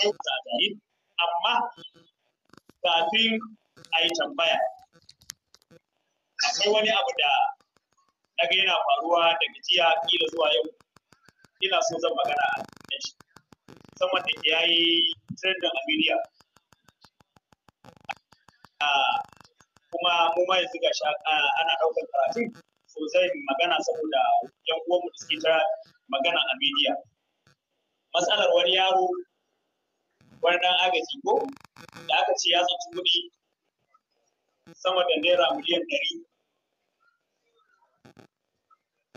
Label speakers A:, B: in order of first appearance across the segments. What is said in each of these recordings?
A: canza da yi amma kafin a yi tambaya akwai wani abu da daga yana faruwa daga jiya kila zuwa yau ina so zan magana a kan shi musamman da ya yi trendin a duniya kuma mu ma yanzu gashi ana ɗaukar karatun sosai magana saboda yan uwanmu da suke ta magana a media matsalar wani yaro wani dan agaji ko da aka ce ya tsanci kuɗi sama da naira miliyan ɗari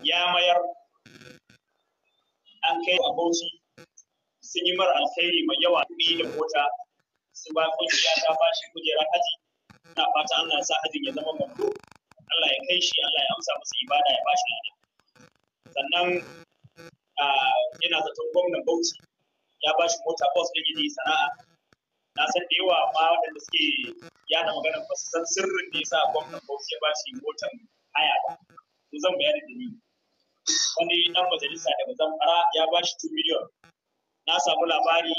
A: ya mayar an kai a bauchi sun yi mara alkhairi mai yawa kuɗi da mota su ba kungiya ta bashi kujerar haji na fata Allah ya sa hajin ya zama mambo Allah ya kai shi Allah ya amsa masa ibada ya bashi shi sannan yana ah, zaton gwamnan Bauchi ya ba shi mota bus da yi sana'a na san da yawa ma wadanda suke yada magana ba su san sirrin da yasa gwamnan Bauchi ya ba shi motar haya ba to zan bayar da ni wani dan majalisa daga fara ya ba shi 2 million na samu labari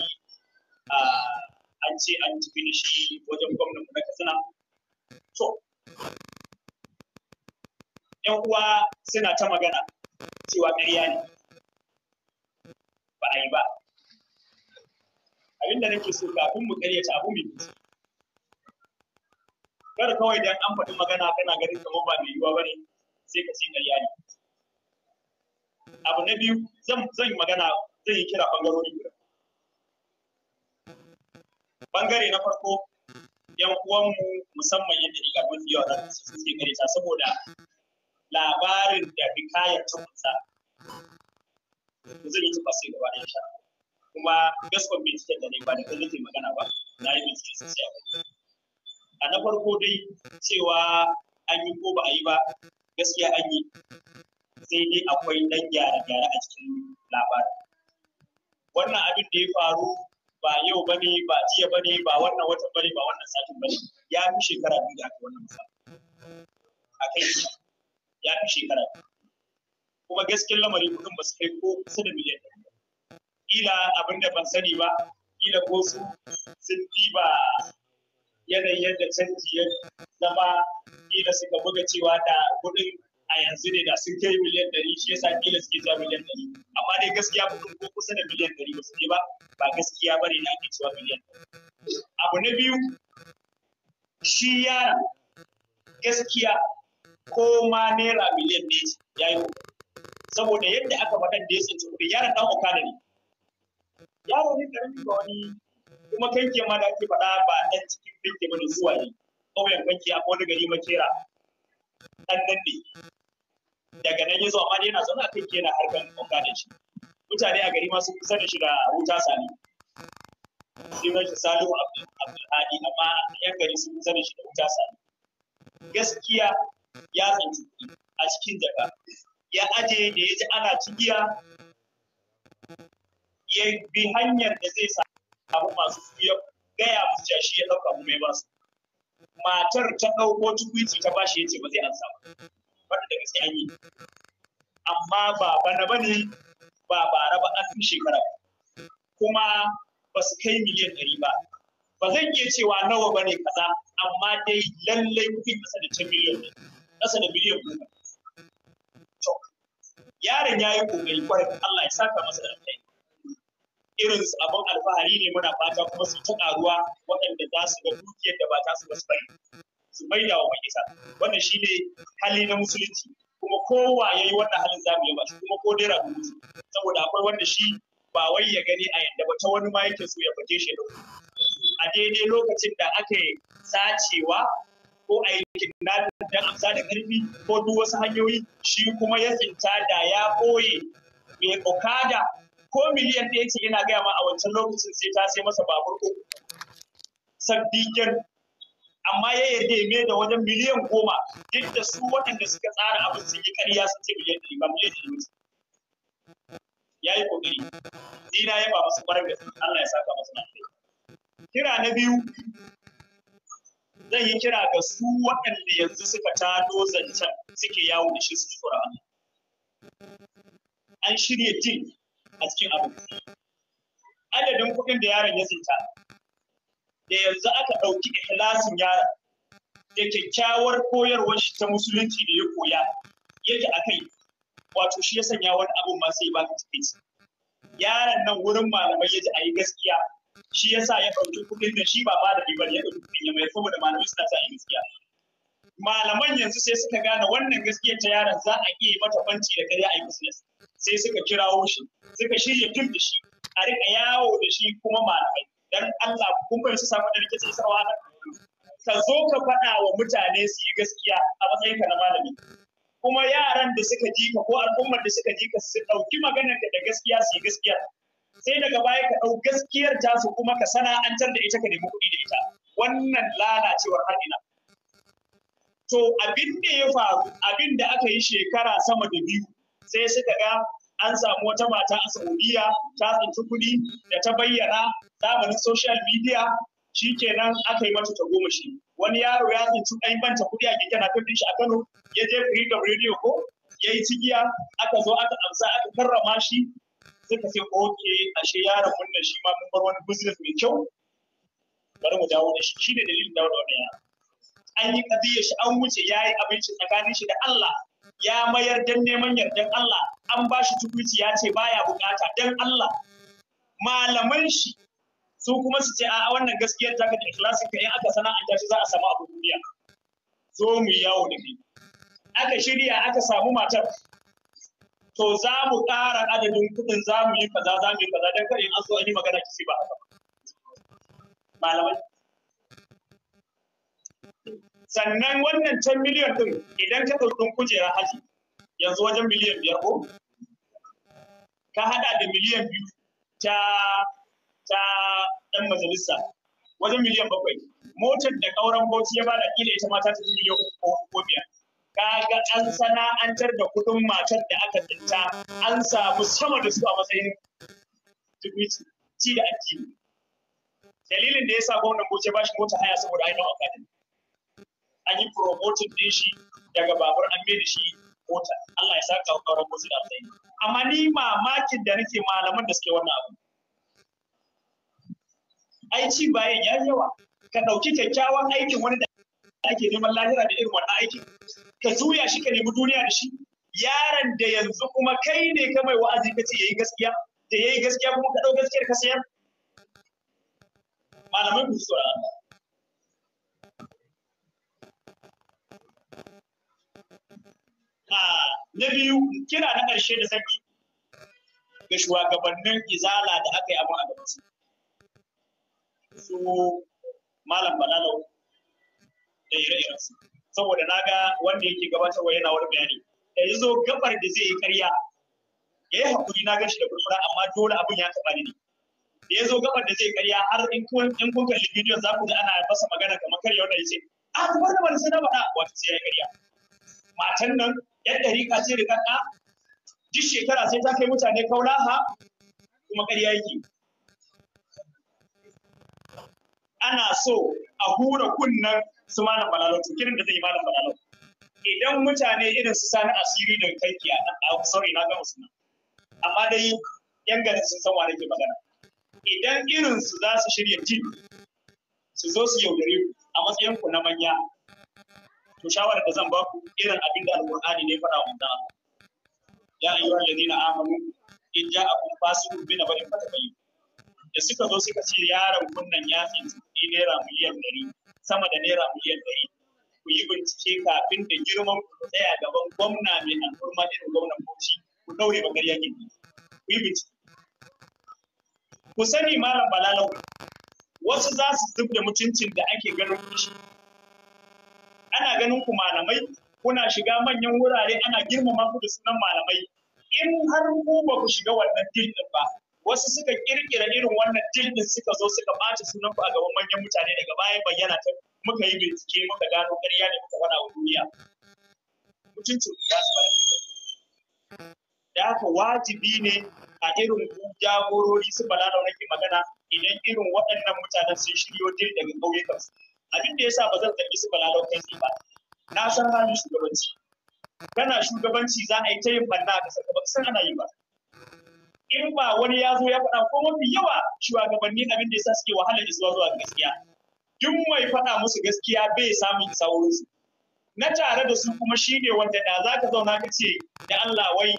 A: a an ce an tafi da shi wajen gwamnan na Katsina to ‘yan uwa suna ta magana cewa ƙarya ne ba a yi ba da nake so kafin mu karyata abu mai kusa. kar kawai dan an faɗi magana kana ganin kamar ba mai yiwuwa bane sai ka ce ƙarya ne abu na biyu zan zan magana zan yi kira bangarori guda bangare na farko yan uwanmu musamman yadda iga mafi yawa za su suke karyata saboda labarin da hikayar ta kunsa zan yi tafasir gaba da insha kuma gaskon binciken da na yi ba da kan magana ba na yi binciken sosai a na farko dai cewa an yi ko ba a yi ba gaskiya an yi sai dai akwai dan gyare-gyare a cikin labarin wannan abin da ya faru ba yau ba ne ba jiya ba ne ba wannan watan ba ne ba wannan satin ba ne ya fi shekara biyu da aka wannan misali a kai ya fi shekara biyu kuma gaskiyar lamarin kuɗin ba su kai ko kusa da miliyan ɗaya kila abin da ban sani ba kila ko su sun diba yanayin yadda canji ya zama kila suka buga cewa da kudin a yanzu ne da sun kai miliyan ɗari shi yasa kila suke zuwa miliyan ɗari amma dai gaskiya kuɗin ko kusa da miliyan ɗari ba su ne ba ba gaskiya ba ne na ake cewa miliyan abu na biyu shi yara gaskiya ko ma naira miliyan ne ya yi saboda yadda aka faɗa da ya tsinci kudi yaran ɗan okada ne yaro ne karami ba wani kuma kan ke ma da ake faɗa ba ɗan cikin kanki bane zuwa ne ƙauyen kanki a wani gari makera ɗan nan ne daga nan ya zo amma yana zaune a ke yana harkan ƙonga da shi mutane a gari ma sun kusa da shi da wuta sani sai rashin salihu abdulhadi amma yan gari sun kusa da shi da wuta sani gaskiya ya tsanci a cikin jaka ya aje da ya ji ana cigiya ya bi hanyar da zai samu masu su ya gaya musu cewa shi ya dauka kuma ya ba su matar ta ɗauko tukwici ta bashi ya ce ba zai an samu wanda da gaske an yi amma ba bana ba ne ba bara ba an fi shekara kuma ba su kai miliyan ɗari ba ba zan iya cewa nawa ba ne kaza amma dai lallai kuɗi kasa da can miliyan ne ƙasa da miliyan goma yaron ya yi ƙoƙari kwarai Allah ya saka masa da alkhairi irin su abin alfahari ne muna fata kuma su tuka ruwa waɗanda za su ga dukiyar da ba ta su ba su bari su da wa makisa wannan ne hali na musulunci kuma kowa ya yi wannan halin zamu yi shi kuma ko dai rabu musu saboda akwai wanda shi ba wai ya gani a yadda ba ta wani ma yake so ya fage shi a daidai lokacin da aka yi sacewa ko a yi kidnapping amsa da karfi ko duk wasu hanyoyi shi kuma ya tsinta da ya ɓoye mai okada ko miliyan ɗaya ce yana gaya ma a wancan lokacin sai ta sai masa babur uku sabbikin amma ya yarda ya da wajen miliyan goma duk da su waɗanda suka tsara abin sun yi ƙarya sun ce miliyan ɗari ba miliyan ɗari ba ya yi ƙoƙari. dina ya ba masu kwarar gaske Allah ya saka masu nan kira na biyu zan yi kira ga su waɗanda yanzu suka tado zancen suke yawo da shi su tsoron an shirya jin a cikin abin adadin kuɗin da yaron ya tsinta da yanzu aka ɗauki ikilasin yaron da kyakkyawar koyarwar shi ta musulunci da ya koya yake a kai wato shi ya sanya wani abu ma sai baka cikin yaron nan wurin malamai ya ji a yi gaskiya shi ya sa ya ɗauki kuɗin da shi ba ba da ribar ya ɗauki kuɗin ya mai saboda malamai suna sa a yi gaskiya malaman yanzu sai suka gane wannan gaskiyar ta yaron za a iya mata banci da kare a yi business sai suka kirawo shi suka shirya tun da shi a rika yawo da shi kuma malamai dan Allah kun bai su samu da rike sai sarwa ka zo ka faɗa wa mutane su yi gaskiya a matsayin ka na malami kuma yaran da suka ji ka ko al'ummar da suka ji ka su ɗauki maganar da gaskiya su yi gaskiya sai daga baya ka dau gaskiyar ta su kuma ka sana'antar da ita ka nemi kuɗi da ita wannan lalacewar haɗina to abin da ya faru abin da aka yi shekara sama da biyu sai suka ga an samu wata mata a Saudiya ta tsinci kuɗi da ta bayyana zamanin social media shikenan aka yi mata ta goma shi wani yaro ya tsinci ɗan banta kuɗi a keke na kudin shi a Kano ya je Freedom Radio ko ya yi cigiya aka zo aka amsa aka karrama shi suka ce ke ashe yaron mun nan shi ma mun wani business mai kyau bari mu dawo da shi shi ne dalilin dawo da wani yaro an yi kadiyar shi an wuce ya yi abinci tsakanin shi da Allah ya mayar dan neman yardan Allah an ba shi tukuci ya ce baya bukata dan Allah malaman shi su kuma su ce a wannan gaskiyar ta da ikhlasin ka in aka sana'anta shi za a samu abu duniya zo mu yawo da kai aka shirya aka samu matar to za mu ƙara adadin kuɗin za mu yi kaza za mu yi kaza don kar in an so an yi magana kisi ba haka malamai sannan wannan can miliyan ɗin idan ka ɗauki kujerar haji yanzu wajen miliyan biyar ko ka haɗa da miliyan biyu ta ta ɗan majalisa wajen miliyan bakwai motar da ƙauren bauchi ya ba da ƙila ita mata ta miliyan ko biyar Ka ga an sana'antar da kuɗin matar da aka tsinta an samu sama da su a matsayin ci da addini dalilin da ya sa gwamnan bauchi ba shi mota haya saboda ainihin akademi an yi promoting din shi daga babur an mai da shi mota Allah ya saka ƙauran wasu da sai amma ni mamakin da nake malaman da suke wannan abu ai ci bayan ya yawa ka ɗauki kyakkyawan aikin wani da ake neman lahira da irin wannan aikin ka juya shi ka nemi duniya da shi yaron da yanzu kuma kai ne ka mai wa'azi ka ce yayi gaskiya da yayi gaskiya kuma ka ɗau gaskiyar ka sayar malamai ku su Allah na biyu kira na ƙarshe da sani ga shugabannin izala da aka yi abin a gabansu su malam balalau da ire-irensu saboda na ga wanda yake gabatarwa yana wani bayani da ya zo gabar da zai yi ƙarya ya yi haƙuri na gashi da kurkura amma dole abin ya taɓa ni ne da ya zo gabar da zai karya, har in kun kalli bidiyon za ku ga ana masa magana kamar karya wanda ya ce a ah, ku bar da sai na faɗa wata sai ya karya? matan nan yan dariƙa ce da ɗa duk shekara sai ta kai mutane ha kuma ƙarya yake ana so a hura kunnan su malam balalo to kirin da zai yi malam balalo idan mutane irin su sani asiri da kai a nan sorry na ga usman amma dai yan gari sun san wa ke magana idan irin su za su shirya jin su zo su yaudare ku a matsayin ku na manya to shawara da zan ba ku irin abin da alqur'ani ne fara wanda ya ayyuhal ladina amanu in ja'akum fasiqun bi nabain fatabayyanu da suka zo suka ce yaron kunnan ya fi kuɗi naira miliyan ɗari sama da naira miliyan ɗari ku yi bincike kafin da girman ku tsaya gaban gwamna mai alfurma irin gwamnan bauchi ku ɗaure gari yakin ku yi bincike ku sani malam balalau wasu za su zub da mutuncin da ake ganin shi ana ganin ku malamai kuna shiga manyan wurare ana girmama ku da sunan malamai in har ku ba ku shiga wannan dildin ba wasu suka kirkira irin wannan dildin suka zo suka ɓata sunan ku a gaban manyan mutane daga baya bayyana ta muka yi bincike muka gano ƙarya ne muka wada duniya mutuncin ya su da haka wajibi ne a irin jagorori su bala da wani magana idan irin waɗannan mutanen sun shiryo dil daga ƙauyukansu abin da sa ba zan zargi su bala kai ne ba na san halin shugabanci kana shugabanci za a yi ta yin banna a kasar ba san ana yi ba in ba wani ya zo ya faɗa ko mafi yawa shugabanni abin da ya sa suke wahala da zuwa gaskiya duk mai faɗa musu gaskiya bai samun isa su na tare da su kuma shine wanda da za ka zauna ka ce da Allah wai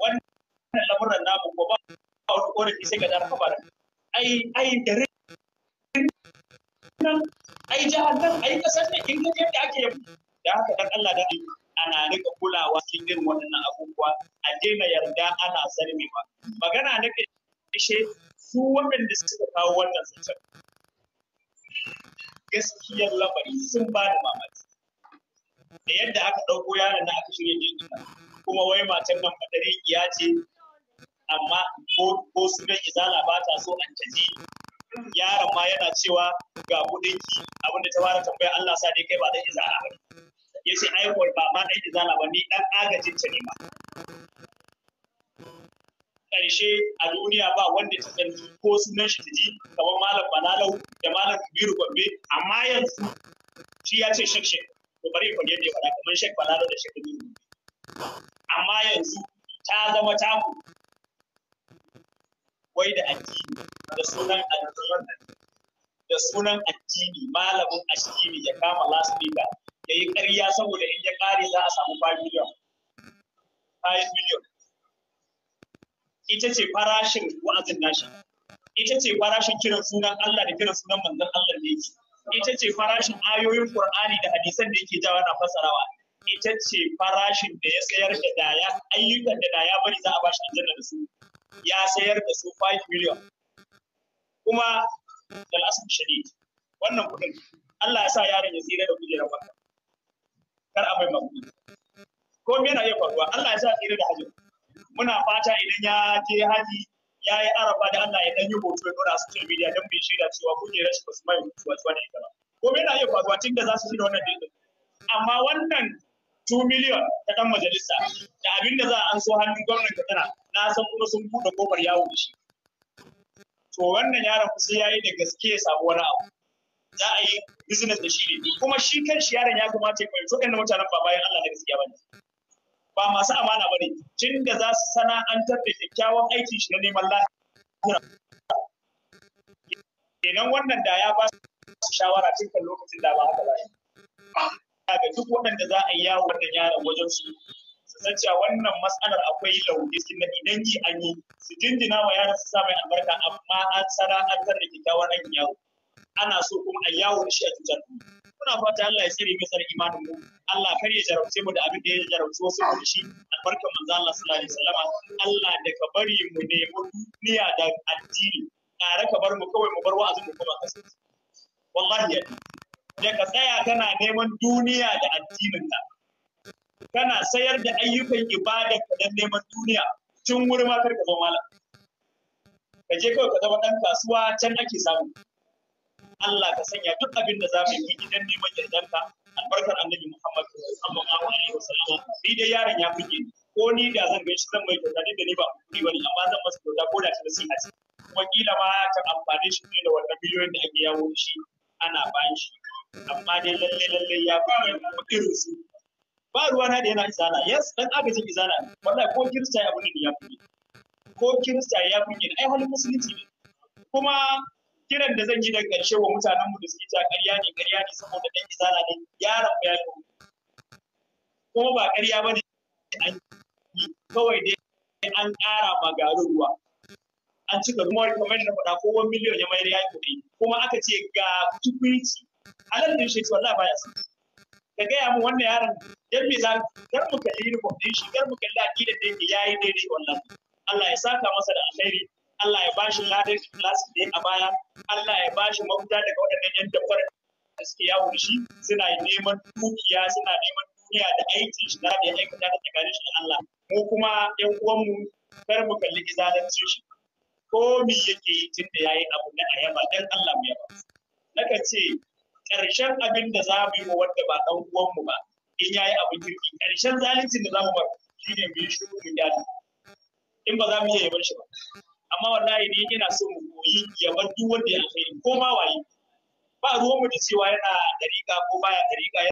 A: wannan lamuran namu ko ba ba, wani ƙorafi sai ka ba da ai ai nan ai jihar nan ai kasar ne in ka yadda ake yabu da haka dan Allah da ana rika kulawa cikin irin waɗannan abubuwa a daina yarda ana sarmewa magana na ƙarshe su waɗanda suka kawo wannan zancen gaskiyar lamari sun ba da mamaki da yadda aka ɗauko yaron na aka shirya jirgin kuma wai matan nan madari ya ce amma ko sunan izala ba ta so an taji yaron ma yana cewa ga kudinki abinda ta fara tambaya Allah sa dai kai ba dan izala ba ya ce ai ba ma dan izala ba ni dan agajin ta ne ma karshe a duniya ba wanda ta san ko sunan shi ta ji kamar malam balalau da malam kabiru gombe amma yanzu shi ya ce shek-shek to bari ku ne da kamar shek balalau da shek kabiru amma yanzu ta zama taku wai da addini da sunan addini da sunan addini malamin addini ya kama lasbika ya yi ƙarya saboda in ya ƙare za a samu 5 million 5 million ita ce farashin wa'azin nashi ita ce farashin kiran sunan Allah da kiran sunan manzon Allah ne yake ita ce farashin ayoyin Qur'ani da hadisan da yake jawa na fasarawa ita ce farashin da ya sayar da daya ayyukan da daya bari za a bashi aljanna da su ya sayar da su 5 million kuma da lasu shadid wannan kudin Allah ya sa yaron ya tsira da kujerar maka kar a bai mamu ko me yana iya faruwa Allah ya sa tsira da hajji muna fata idan ya je haji ya yi arafa da Allah ya dan hoto ya dora social media don bai shaida cewa kujerar shi ba su mai mutuwa zuwa ita ba ko me yana iya faruwa tun da za su shirya wannan dindin amma wannan 2 miliyon ta dan majalisa da abin da za a an so hannun gwamnati tana na san kuma sun buɗe kofar yawo da shi to wannan yaron kusa ya yi da gaske ya samu wani abu za a yi business da shi ne kuma shi kan shi yaron ya kamata ya fahimci waɗannan mutanen ba bayan Allah da gaskiya ba ne. ba masu amana bane tun da za su sana'antar da kyakkyawan aikin shi na neman lafiya kenan wannan da ya ba su shawara cikin kan lokacin da ba haka ba ga duk waɗanda za a yi yawo wannan yaron wajen su na cewa wannan matsalar akwai su na idan yi an yi su jinjina wa yaran su sa albarka amma an sana'antar da kyakkyawar aikin yawo ana so kuma a yawo da shi a cutar muna fata Allah ya tsare mai imanin mu Allah kar ya jarabce mu da abin da ya jarabce wasu mu shi albarkan manzo Allah sallallahu alaihi wasallama Allah da ka bari mu mu duniya da addini kare ka bar mu kawai mu bar wa'azin mu kuma kasa wallahi da ka tsaya kana neman duniya da addinin ka kana sayar da ayyukan ibada don neman duniya tun wuri ma ka zo malam ka je kawai ka zama dan kasuwa can ake samu Allah ka sanya duk abin da za mu yi idan neman yardanka albarkar annabi Muhammad sallallahu alaihi wasallam ni dai yaron ya gini, ko ni da zan gaishe zan mai kyauta da ni ba ni bane amma zan masa kyauta ko da ta nasiha ce kuma kila ma ta amfani shi ne da wannan miliyoyin da ake yawo shi ana bayan shi amma dai lalle lalle ya buge irin su ba ruwa na da yana izana yes dan agajin izana wallahi ko kirista ya abin da ya fi ko kirista ya fi ai hali musulunci ne kuma kiran da zan yi da karshe wa mutanen mu da suke ta ƙarya ne ƙarya ne saboda dan izana ne yaron ya yi kuma ba ƙarya ba ne an yi kawai dai an ƙara ma garin ruwa an cika ruwa kamar da faɗa ko wani miliyon ya mai ya yi kuɗi kuma aka ce ga tukunci alal din shi wallahi baya sa ka gaya mu wannan yaron dan me za kar mu kalli uniform din shi kar mu kalli aqida da da yayi daidai wallahi Allah ya saka masa da alheri Allah ya bashi ladan class da a baya Allah ya bashi mafita daga waɗannan yan dafar da suke yawo da shi suna neman dukiya suna neman duniya da aiki shi da ya aikata da tsakanin shi da Allah mu kuma yan uwanmu kar mu kalli izalancin shi ko me yake yi tun da yayi abu na ayaba dan Allah mu yaba naka ce ƙarshen abin da za mu yi wa wanda ba ɗan mu ba in yayi abin kirki ƙarshen zalincin da zamu bar shine mu yi shiru mu gyara in ba za mu iya yabar shi ba amma wallahi ni ina so mu koyi yabar duk wanda ya kai ko ma waye ba ruwanmu da cewa yana dariƙa ko baya dariƙa